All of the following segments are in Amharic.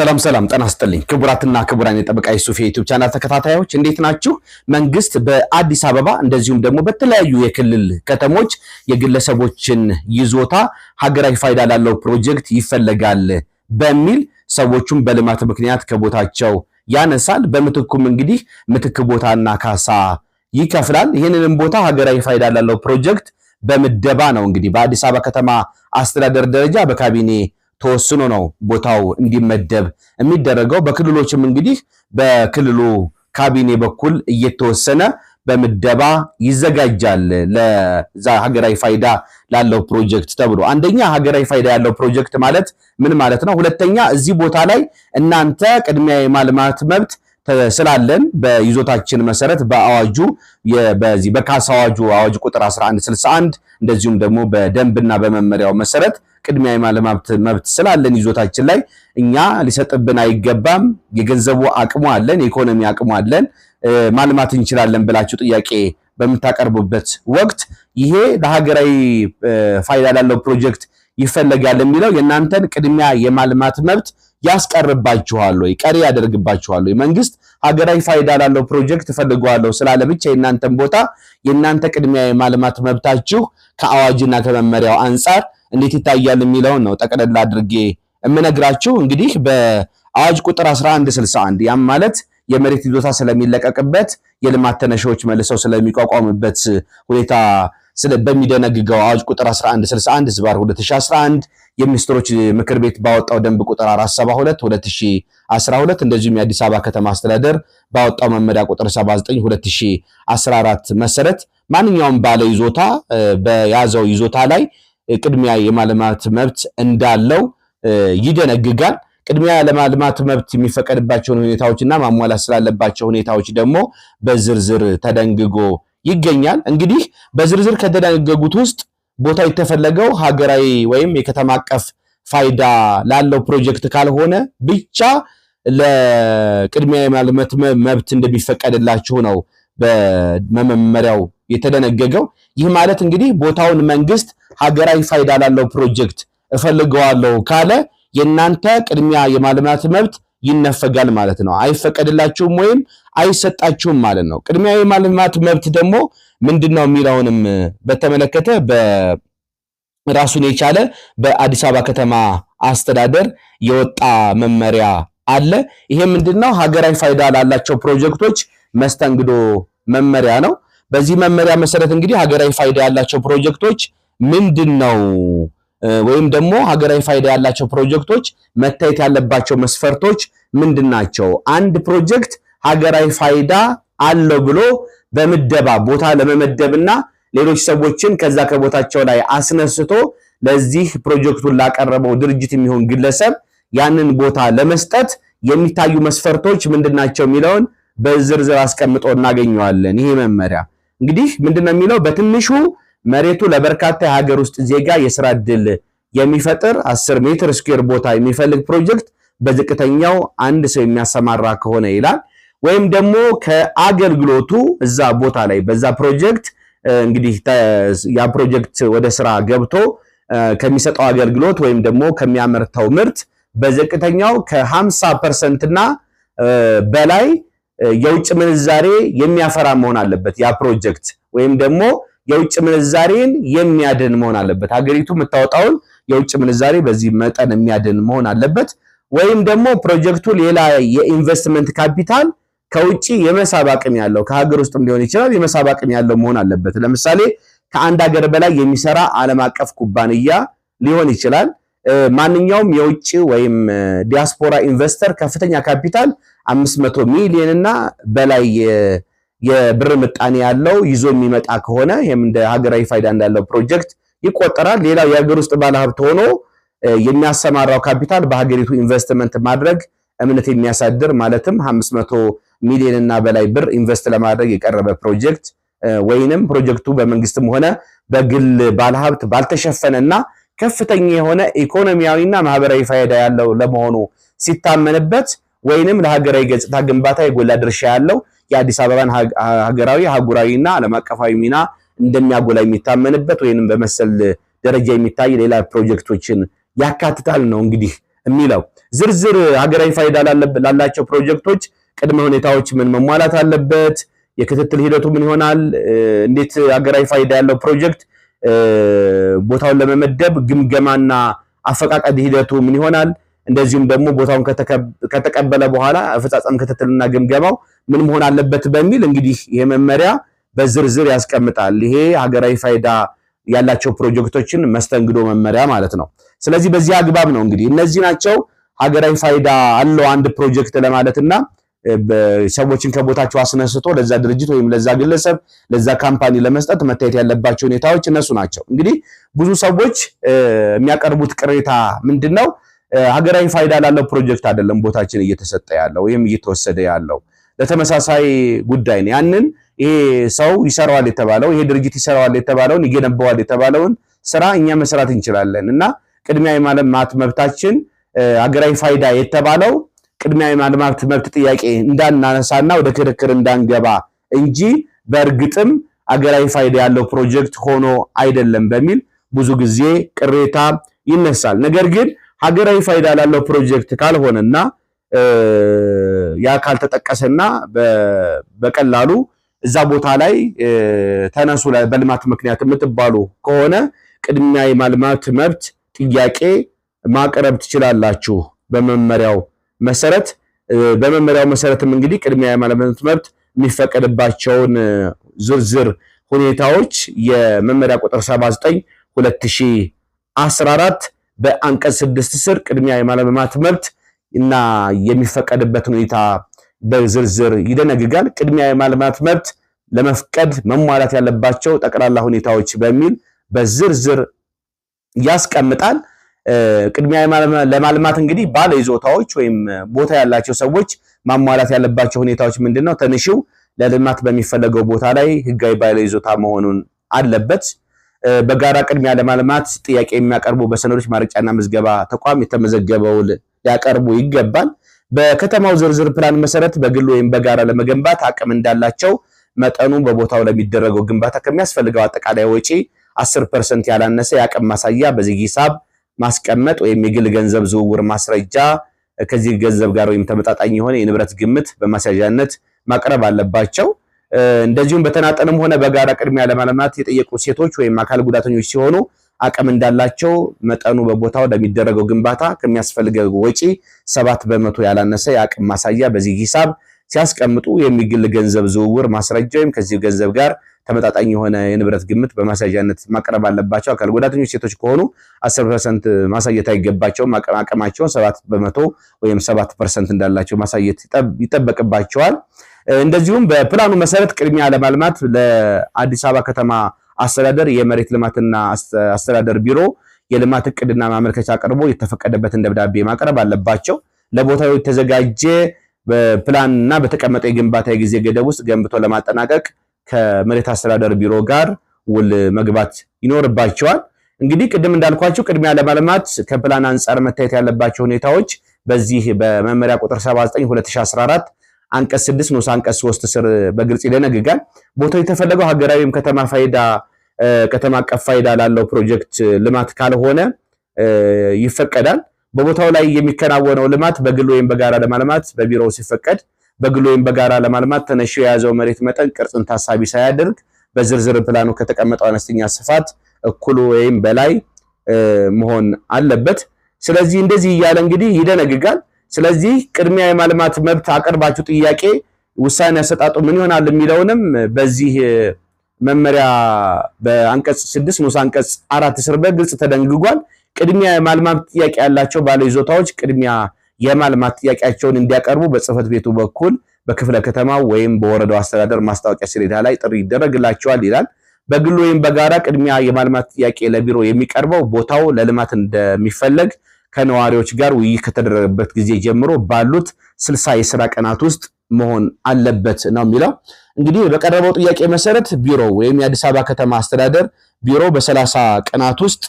ሰላም ሰላም ጤና ይስጥልኝ ክቡራትና ክቡራን የጠበቃ ዩሱፍ የዩቲዩብ ቻናል ተከታታዮች እንዴት ናችሁ? መንግስት በአዲስ አበባ እንደዚሁም ደግሞ በተለያዩ የክልል ከተሞች የግለሰቦችን ይዞታ ሀገራዊ ፋይዳ ላለው ፕሮጀክት ይፈለጋል በሚል ሰዎቹም በልማት ምክንያት ከቦታቸው ያነሳል። በምትኩም እንግዲህ ምትክ ቦታና ካሳ ይከፍላል። ይህንንም ቦታ ሀገራዊ ፋይዳ ላለው ፕሮጀክት በምደባ ነው እንግዲህ በአዲስ አበባ ከተማ አስተዳደር ደረጃ በካቢኔ ተወስኖ ነው ቦታው እንዲመደብ የሚደረገው። በክልሎችም እንግዲህ በክልሉ ካቢኔ በኩል እየተወሰነ በምደባ ይዘጋጃል ለዛ ሀገራዊ ፋይዳ ላለው ፕሮጀክት ተብሎ። አንደኛ ሀገራዊ ፋይዳ ያለው ፕሮጀክት ማለት ምን ማለት ነው? ሁለተኛ እዚህ ቦታ ላይ እናንተ ቅድሚያ የማልማት መብት ስላለን በይዞታችን መሰረት በአዋጁ በዚህ በካሳ አዋጁ አዋጅ ቁጥር 1161 እንደዚሁም ደግሞ በደንብና በመመሪያው መሰረት ቅድሚያ የማለም መብት ስላለን ይዞታችን ላይ እኛ ሊሰጥብን አይገባም። የገንዘቡ አቅሙ አለን፣ የኢኮኖሚ አቅሙ አለን፣ ማልማት እንችላለን ብላችሁ ጥያቄ በምታቀርቡበት ወቅት ይሄ ለሀገራዊ ፋይዳ ላለው ፕሮጀክት ይፈለጋል የሚለው የእናንተን ቅድሚያ የማልማት መብት ያስቀርባችኋል ወይ ቀሪ ያደርግባችኋል ወይ? መንግስት ሀገራዊ ፋይዳ ላለው ፕሮጀክት እፈልገዋለሁ ስላለ ብቻ የእናንተን ቦታ የእናንተ ቅድሚያ የማልማት መብታችሁ ከአዋጅና ከመመሪያው አንጻር እንዴት ይታያል የሚለውን ነው ጠቅለላ አድርጌ የምነግራችሁ። እንግዲህ በአዋጅ ቁጥር 1161 ያም ማለት የመሬት ይዞታ ስለሚለቀቅበት የልማት ተነሻዎች መልሰው ስለሚቋቋምበት ሁኔታ በሚደነግገው አዋጅ ቁጥር 1161 ዝባር 2011 የሚኒስትሮች ምክር ቤት ባወጣው ደንብ ቁጥር 472 2012 እንደዚሁም የአዲስ አበባ ከተማ አስተዳደር ባወጣው መመሪያ ቁጥር 79 2014 መሰረት ማንኛውም ባለ ይዞታ በያዘው ይዞታ ላይ ቅድሚያ የማልማት መብት እንዳለው ይደነግጋል። ቅድሚያ ለማልማት መብት የሚፈቀድባቸውን ሁኔታዎችና ማሟላት ስላለባቸው ሁኔታዎች ደግሞ በዝርዝር ተደንግጎ ይገኛል። እንግዲህ በዝርዝር ከተደነገጉት ውስጥ ቦታ የተፈለገው ሀገራዊ ወይም የከተማ አቀፍ ፋይዳ ላለው ፕሮጀክት ካልሆነ ብቻ ለቅድሚያ የማልማት መብት እንደሚፈቀድላችሁ ነው በመመሪያው የተደነገገው። ይህ ማለት እንግዲህ ቦታውን መንግስት ሀገራዊ ፋይዳ ላለው ፕሮጀክት እፈልገዋለሁ ካለ የእናንተ ቅድሚያ የማልማት መብት ይነፈጋል ማለት ነው። አይፈቀድላችሁም ወይም አይሰጣችሁም ማለት ነው። ቅድሚያ የማልማት መብት ደግሞ ምንድን ነው የሚለውንም በተመለከተ በራሱን የቻለ በአዲስ አበባ ከተማ አስተዳደር የወጣ መመሪያ አለ። ይሄ ምንድን ነው? ሀገራዊ ፋይዳ ላላቸው ፕሮጀክቶች መስተንግዶ መመሪያ ነው። በዚህ መመሪያ መሰረት እንግዲህ ሀገራዊ ፋይዳ ያላቸው ፕሮጀክቶች ምንድን ነው ወይም ደግሞ ሀገራዊ ፋይዳ ያላቸው ፕሮጀክቶች መታየት ያለባቸው መስፈርቶች ምንድን ናቸው? አንድ ፕሮጀክት ሀገራዊ ፋይዳ አለው ብሎ በምደባ ቦታ ለመመደብና ሌሎች ሰዎችን ከዛ ከቦታቸው ላይ አስነስቶ ለዚህ ፕሮጀክቱን ላቀረበው ድርጅት የሚሆን ግለሰብ ያንን ቦታ ለመስጠት የሚታዩ መስፈርቶች ምንድን ናቸው የሚለውን በዝርዝር አስቀምጦ እናገኘዋለን። ይሄ መመሪያ እንግዲህ ምንድን ነው የሚለው በትንሹ መሬቱ ለበርካታ የሀገር ውስጥ ዜጋ የስራ እድል የሚፈጥር 10 ሜትር ስኩዌር ቦታ የሚፈልግ ፕሮጀክት በዝቅተኛው አንድ ሰው የሚያሰማራ ከሆነ ይላል። ወይም ደግሞ ከአገልግሎቱ እዛ ቦታ ላይ በዛ ፕሮጀክት እንግዲህ ያ ፕሮጀክት ወደ ስራ ገብቶ ከሚሰጠው አገልግሎት ወይም ደግሞ ከሚያመርተው ምርት በዝቅተኛው ከ50 ፐርሰንት እና በላይ የውጭ ምንዛሬ የሚያፈራ መሆን አለበት ያ ፕሮጀክት ወይም ደግሞ የውጭ ምንዛሬን የሚያድን መሆን አለበት። ሀገሪቱ የምታወጣውን የውጭ ምንዛሬ በዚህ መጠን የሚያድን መሆን አለበት። ወይም ደግሞ ፕሮጀክቱ ሌላ የኢንቨስትመንት ካፒታል ከውጭ የመሳብ አቅም ያለው ከሀገር ውስጥም ሊሆን ይችላል የመሳብ አቅም ያለው መሆን አለበት። ለምሳሌ ከአንድ ሀገር በላይ የሚሰራ ዓለም አቀፍ ኩባንያ ሊሆን ይችላል። ማንኛውም የውጭ ወይም ዲያስፖራ ኢንቨስተር ከፍተኛ ካፒታል መቶ ሚሊዮን እና በላይ የብር ምጣኔ ያለው ይዞ የሚመጣ ከሆነ ይህም እንደ ሀገራዊ ፋይዳ እንዳለው ፕሮጀክት ይቆጠራል። ሌላው የሀገር ውስጥ ባለሀብት ሆኖ የሚያሰማራው ካፒታል በሀገሪቱ ኢንቨስትመንት ማድረግ እምነት የሚያሳድር ማለትም 500 ሚሊዮን እና በላይ ብር ኢንቨስት ለማድረግ የቀረበ ፕሮጀክት ወይንም ፕሮጀክቱ በመንግስትም ሆነ በግል ባለሀብት ባልተሸፈነና ከፍተኛ የሆነ ኢኮኖሚያዊና ማህበራዊ ፋይዳ ያለው ለመሆኑ ሲታመንበት ወይንም ለሀገራዊ ገጽታ ግንባታ የጎላ ድርሻ ያለው የአዲስ አበባን ሀገራዊ አህጉራዊና ዓለም አቀፋዊ ሚና እንደሚያጎላ የሚታመንበት ወይንም በመሰል ደረጃ የሚታይ ሌላ ፕሮጀክቶችን ያካትታል ነው እንግዲህ የሚለው ዝርዝር ሀገራዊ ፋይዳ ላላቸው ፕሮጀክቶች ቅድመ ሁኔታዎች ምን መሟላት አለበት? የክትትል ሂደቱ ምን ይሆናል? እንዴት ሀገራዊ ፋይዳ ያለው ፕሮጀክት ቦታውን ለመመደብ ግምገማና አፈቃቀድ ሂደቱ ምን ይሆናል? እንደዚሁም ደግሞ ቦታውን ከተቀበለ በኋላ አፈጻጸም ክትትልና ግምገማው ምን መሆን አለበት በሚል እንግዲህ ይሄ መመሪያ በዝርዝር ያስቀምጣል። ይሄ ሀገራዊ ፋይዳ ያላቸው ፕሮጀክቶችን መስተንግዶ መመሪያ ማለት ነው። ስለዚህ በዚህ አግባብ ነው እንግዲህ እነዚህ ናቸው ሀገራዊ ፋይዳ አለው አንድ ፕሮጀክት ለማለትና ሰዎችን ከቦታቸው አስነስቶ ለዛ ድርጅት ወይም ለዛ ግለሰብ ለዛ ካምፓኒ ለመስጠት መታየት ያለባቸው ሁኔታዎች እነሱ ናቸው። እንግዲህ ብዙ ሰዎች የሚያቀርቡት ቅሬታ ምንድን ነው? ሀገራዊ ፋይዳ ላለው ፕሮጀክት አይደለም ቦታችን እየተሰጠ ያለው ወይም እየተወሰደ ያለው ለተመሳሳይ ጉዳይ ነው። ያንን ይሄ ሰው ይሰራዋል የተባለው ይሄ ድርጅት ይሰራዋል የተባለውን ይገነባዋል የተባለውን ስራ እኛ መስራት እንችላለን እና ቅድሚያ የማልማት መብታችን አገራዊ ፋይዳ የተባለው ቅድሚያ የማልማት መብት ጥያቄ እንዳናነሳና ወደ ክርክር እንዳንገባ እንጂ በእርግጥም አገራዊ ፋይዳ ያለው ፕሮጀክት ሆኖ አይደለም በሚል ብዙ ጊዜ ቅሬታ ይነሳል። ነገር ግን ሀገራዊ ፋይዳ ላለው ፕሮጀክት ካልሆነና ያ ካልተጠቀሰና በቀላሉ እዛ ቦታ ላይ ተነሱ በልማት ምክንያት የምትባሉ ከሆነ ቅድሚያ የማልማት መብት ጥያቄ ማቅረብ ትችላላችሁ በመመሪያው መሰረት። በመመሪያው መሰረትም እንግዲህ ቅድሚያ የማልማት መብት የሚፈቀድባቸውን ዝርዝር ሁኔታዎች የመመሪያ ቁጥር 79 2014 በአንቀጽ ስድስት ስር ቅድሚያ የማልማት መብት እና የሚፈቀድበት ሁኔታ በዝርዝር ይደነግጋል። ቅድሚያ የማልማት መብት ለመፍቀድ መሟላት ያለባቸው ጠቅላላ ሁኔታዎች በሚል በዝርዝር ያስቀምጣል። ቅድሚያ ለማልማት እንግዲህ ባለ ይዞታዎች ወይም ቦታ ያላቸው ሰዎች ማሟላት ያለባቸው ሁኔታዎች ምንድን ነው? ትንሹ ለልማት በሚፈለገው ቦታ ላይ ህጋዊ ባለ ይዞታ መሆኑን አለበት። በጋራ ቅድሚያ ለማልማት ጥያቄ የሚያቀርቡ በሰነዶች ማረጋገጫና ምዝገባ ተቋም የተመዘገበው ሊያቀርቡ ይገባል። በከተማው ዝርዝር ፕላን መሰረት በግል ወይም በጋራ ለመገንባት አቅም እንዳላቸው መጠኑ በቦታው ለሚደረገው ግንባታ ከሚያስፈልገው አጠቃላይ ወጪ 10% ያላነሰ የአቅም ማሳያ በዚህ ሂሳብ ማስቀመጥ ወይም የግል ገንዘብ ዝውውር ማስረጃ ከዚህ ገንዘብ ጋር ወይም ተመጣጣኝ የሆነ የንብረት ግምት በማስያዣነት ማቅረብ አለባቸው። እንደዚሁም በተናጠንም ሆነ በጋራ ቅድሚያ ለማልማት የጠየቁ ሴቶች ወይም አካል ጉዳተኞች ሲሆኑ አቅም እንዳላቸው መጠኑ በቦታው ለሚደረገው ግንባታ ከሚያስፈልገው ወጪ ሰባት በመቶ ያላነሰ የአቅም ማሳያ በዚህ ሂሳብ ሲያስቀምጡ የሚግል ገንዘብ ዝውውር ማስረጃ ወይም ከዚህ ገንዘብ ጋር ተመጣጣኝ የሆነ የንብረት ግምት በማሳያነት ማቅረብ አለባቸው። አካል ጉዳተኞች ሴቶች ከሆኑ 10 ፐርሰንት ማሳየት አይገባቸውም። አቅማቸውን ሰባት በመቶ ወይም ሰባት ፐርሰንት እንዳላቸው ማሳየት ይጠበቅባቸዋል። እንደዚሁም በፕላኑ መሰረት ቅድሚያ ለማልማት ለአዲስ አበባ ከተማ አስተዳደር የመሬት ልማትና አስተዳደር ቢሮ የልማት እቅድና ማመልከቻ አቅርቦ የተፈቀደበትን ደብዳቤ ማቅረብ አለባቸው። ለቦታው የተዘጋጀ ፕላንና በተቀመጠ የግንባታ የጊዜ ገደብ ውስጥ ገንብቶ ለማጠናቀቅ ከመሬት አስተዳደር ቢሮ ጋር ውል መግባት ይኖርባቸዋል። እንግዲህ ቅድም እንዳልኳቸው ቅድሚያ ለማልማት ከፕላን አንጻር መታየት ያለባቸው ሁኔታዎች በዚህ በመመሪያ ቁጥር 79 2014 አንቀጽ 6 ንዑስ አንቀጽ 3 ስር በግልጽ ይደነግጋል። ቦታው የተፈለገው ሀገራዊም ከተማ ፋይዳ ከተማ አቀፍ ፋይዳ ላለው ፕሮጀክት ልማት ካልሆነ ይፈቀዳል። በቦታው ላይ የሚከናወነው ልማት በግል ወይም በጋራ ለማልማት በቢሮው ሲፈቀድ፣ በግል ወይም በጋራ ለማልማት ተነሽ የያዘው መሬት መጠን ቅርጽን ታሳቢ ሳያደርግ በዝርዝር ፕላኑ ከተቀመጠው አነስተኛ ስፋት እኩሉ ወይም በላይ መሆን አለበት። ስለዚህ እንደዚህ እያለ እንግዲህ ይደነግጋል። ስለዚህ ቅድሚያ የማልማት መብት አቅርባችሁ ጥያቄ ውሳኔ አሰጣጡ ምን ይሆናል የሚለውንም በዚህ መመሪያ በአንቀጽ ስድስት ንዑስ አንቀጽ አራት ስር በግልጽ ተደንግጓል። ቅድሚያ የማልማት ጥያቄ ያላቸው ባለይዞታዎች ቅድሚያ የማልማት ጥያቄያቸውን እንዲያቀርቡ በጽህፈት ቤቱ በኩል በክፍለ ከተማው ወይም በወረዳው አስተዳደር ማስታወቂያ ሰሌዳ ላይ ጥሪ ይደረግላቸዋል ይላል። በግል ወይም በጋራ ቅድሚያ የማልማት ጥያቄ ለቢሮ የሚቀርበው ቦታው ለልማት እንደሚፈለግ ከነዋሪዎች ጋር ውይይት ከተደረገበት ጊዜ ጀምሮ ባሉት ስልሳ የስራ ቀናት ውስጥ መሆን አለበት ነው የሚለው። እንግዲህ በቀረበው ጥያቄ መሰረት ቢሮ ወይም የአዲስ አበባ ከተማ አስተዳደር ቢሮ በሰላሳ ቀናት ውስጥ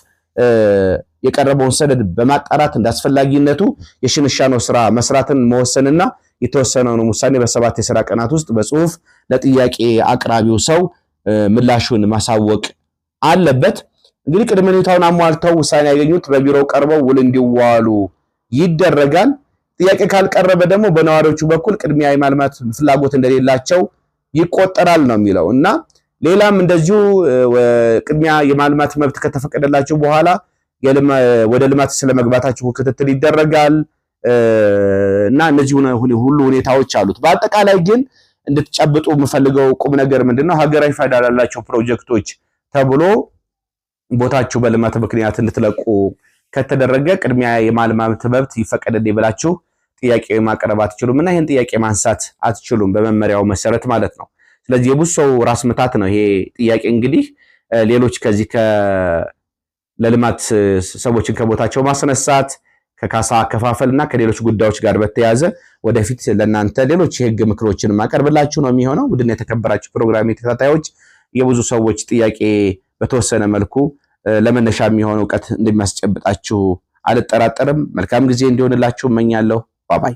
የቀረበውን ሰነድ በማጣራት እንዳስፈላጊነቱ የሽንሻኖ ስራ መስራትን መወሰንና የተወሰነውን ውሳኔ በሰባት የስራ ቀናት ውስጥ በጽሁፍ ለጥያቄ አቅራቢው ሰው ምላሹን ማሳወቅ አለበት። እንግዲህ ቅድመ ሁኔታውን አሟልተው ውሳኔ ያገኙት በቢሮው ቀርበው ውል እንዲዋሉ ይደረጋል። ጥያቄ ካልቀረበ ደግሞ በነዋሪዎቹ በኩል ቅድሚያ የማልማት ፍላጎት እንደሌላቸው ይቆጠራል ነው የሚለው እና ሌላም እንደዚሁ ቅድሚያ የማልማት መብት ከተፈቀደላቸው በኋላ ወደ ልማት ስለመግባታቸው ክትትል ይደረጋል እና እነዚህ ሁሉ ሁኔታዎች አሉት። በአጠቃላይ ግን እንድትጨብጡ የምፈልገው ቁም ነገር ምንድን ነው? ሀገራዊ ፋይዳ ላላቸው ፕሮጀክቶች ተብሎ ቦታችሁ በልማት ምክንያት እንድትለቁ ከተደረገ ቅድሚያ የማልማት መብት ይፈቀደልኝ ብላችሁ ጥያቄ ማቅረብ አትችሉም እና ይህን ጥያቄ ማንሳት አትችሉም በመመሪያው መሰረት ማለት ነው። ስለዚህ የብዙ ሰው ራስ ምታት ነው ይሄ ጥያቄ እንግዲህ ሌሎች ከዚህ ለልማት ሰዎችን ከቦታቸው ማስነሳት ከካሳ አከፋፈል እና ከሌሎች ጉዳዮች ጋር በተያያዘ ወደፊት ለእናንተ ሌሎች የህግ ምክሮችን ማቀርብላችሁ ነው የሚሆነው። ውድና የተከበራችሁ ፕሮግራም ተከታታዮች የብዙ ሰዎች ጥያቄ በተወሰነ መልኩ ለመነሻ የሚሆን እውቀት እንደሚያስጨብጣችሁ አልጠራጠርም። መልካም ጊዜ እንዲሆንላችሁ እመኛለሁ። বাবাই